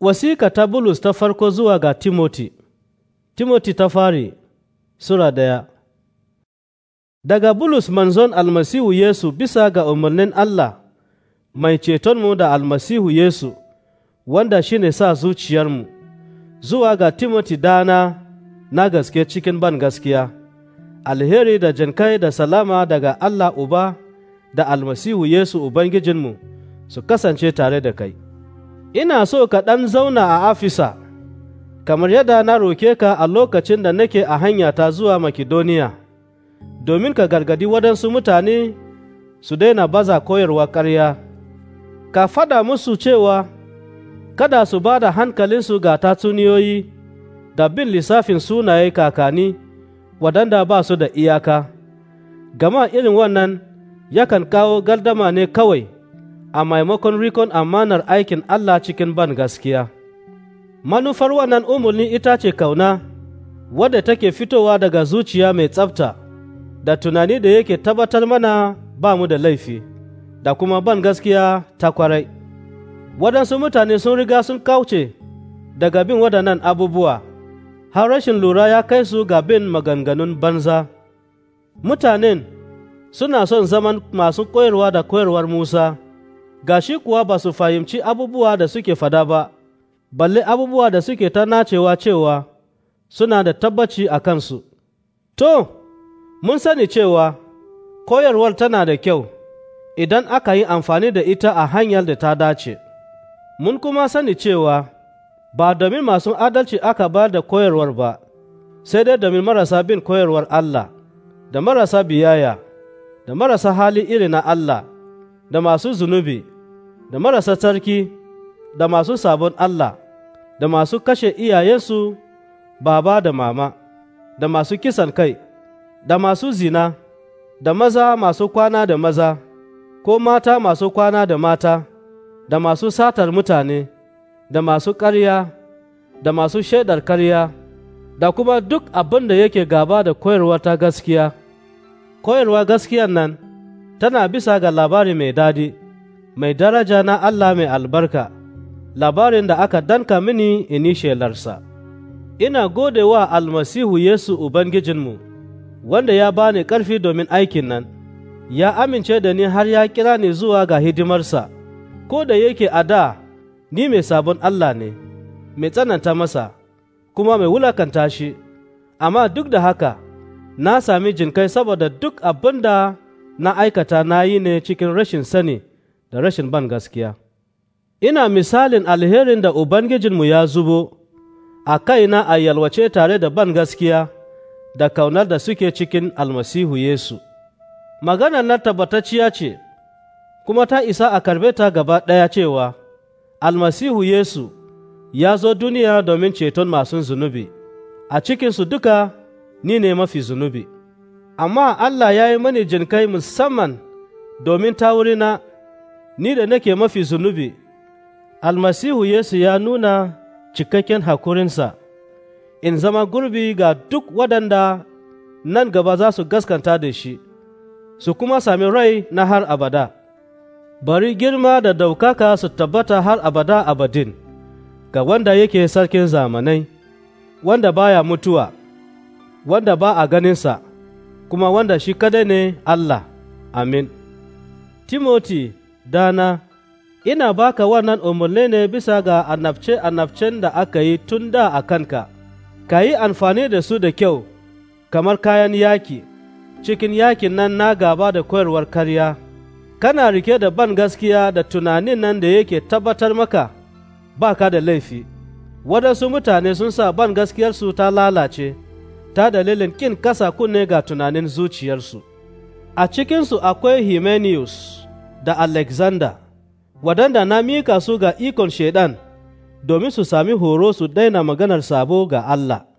Wasika ta Bulus ta farko zuwa ga Timoti Timoti ta fari Sura daya Daga Bulus manzon almasihu Yesu bisa ga umarnin Allah mai cetonmu da almasihu Yesu wanda shi ne sa zuciyarmu zuwa ga Timoti dana na gaske cikin ban gaskiya alheri da jinkai da salama daga Allah Uba da almasihu Yesu Ubangijinmu su kasance tare da kai. ina so ka ɗan zauna a Afisa, kamar yadda na roke ka a lokacin da nake a hanya ta zuwa Makedoniya, domin ka gargadi waɗansu mutane su daina baza koyarwa karya. ka faɗa musu cewa kada su ba da hankalinsu ga tatsuniyoyi da bin lissafin sunaye kakani waɗanda ba su da iyaka, gama irin wannan yakan kawo gardama ne kawai a maimakon rikon amanar aikin Allah cikin ban gaskiya. Manufar wannan umarni ita ce kauna, wadda take fitowa daga zuciya mai tsafta, da tunani da yake tabbatar mana ba mu da laifi, da kuma ban gaskiya ta kwarai. Waɗansu mutane sun riga sun kauce daga bin waɗannan abubuwa, har rashin lura ya kai su ga bin maganganun banza. Mutanen suna son zaman masu koyarwa da koyarwar Musa. gashi kuwa ba su fahimci abubuwa da suke fada ba, balle abubuwa da suke ta nacewa cewa suna da tabbaci a kansu. To, mun sani cewa koyarwar tana da kyau idan aka yi amfani da ita a hanyar da ta dace. Mun kuma sani cewa ba domin masu adalci aka ba da koyarwar ba, sai dai domin marasa bin koyarwar Allah, da marasa biyaya, da marasa hali iri na Allah, da masu zunubi. da marasa sarki da masu sabon Allah da masu kashe iyayensu baba da mama da masu kisan kai da masu zina da maza masu kwana da maza ko mata masu kwana da mata da masu satar mutane da masu karya da masu shaidar karya da kuma duk abin da yake gaba da koyarwa ta gaskiya koyarwa gaskiyan nan tana bisa ga labari mai daɗi. mai daraja na Allah mai albarka, labarin da aka danka mini ini shelarsa. Ina gode wa almasihu Yesu Ubangijinmu, wanda ya bani ƙarfi domin aikin nan, ya amince da ni har ya kira ni zuwa ga hidimarsa, ko da yake a da ni mai sabon Allah ne, mai tsananta masa, kuma mai wulakanta shi, amma duk da haka, na sami jinkai saboda duk abin da na aikata na yi ne cikin rashin sani. da rashin ban gaskiya. Ina misalin alherin da Ubangijinmu ya zubo a kaina a yalwace tare da ban gaskiya da kaunar da suke cikin almasihu Yesu. Maganar na tabbatacciya ce, kuma ta isa a karbe ta gaba ɗaya cewa, Almasihu Yesu ya zo duniya domin ceton masu zunubi, a cikinsu duka ni ne mafi zunubi. Amma Allah ya yi mani jinkai musamman domin ta wurina ni da nake mafi zunubi, almasihu Yesu ya nuna cikakken hakurinsa, in zama gurbi ga duk waɗanda nan gaba za su gaskanta da shi, su kuma sami rai na har abada. Bari girma da ɗaukaka su tabbata har abada abadin ga wanda yake sarkin zamanai, wanda baya mutuwa, wanda ba a ganinsa, kuma wanda shi kadai ne Allah. Amin. Timoti dana ina baka wannan umarni ne bisa ga annabce-annabcen da aka yi tun da a kanka, ka yi amfani da su da kyau, kamar kayan yaki, cikin yakin nan na gaba da koyarwar karya, kana rike da ban gaskiya da tunanin nan da yake tabbatar maka ba ka da laifi. Waɗansu mutane sun sa ban gaskiyarsu ta lalace, ta dalilin kin kasa kunne ga tunanin zuciyarsu. A cikinsu akwai Himenius. da Alexander, waɗanda na mika su ga ikon Shaiɗan domin su sami horo su daina maganar sabo ga Allah.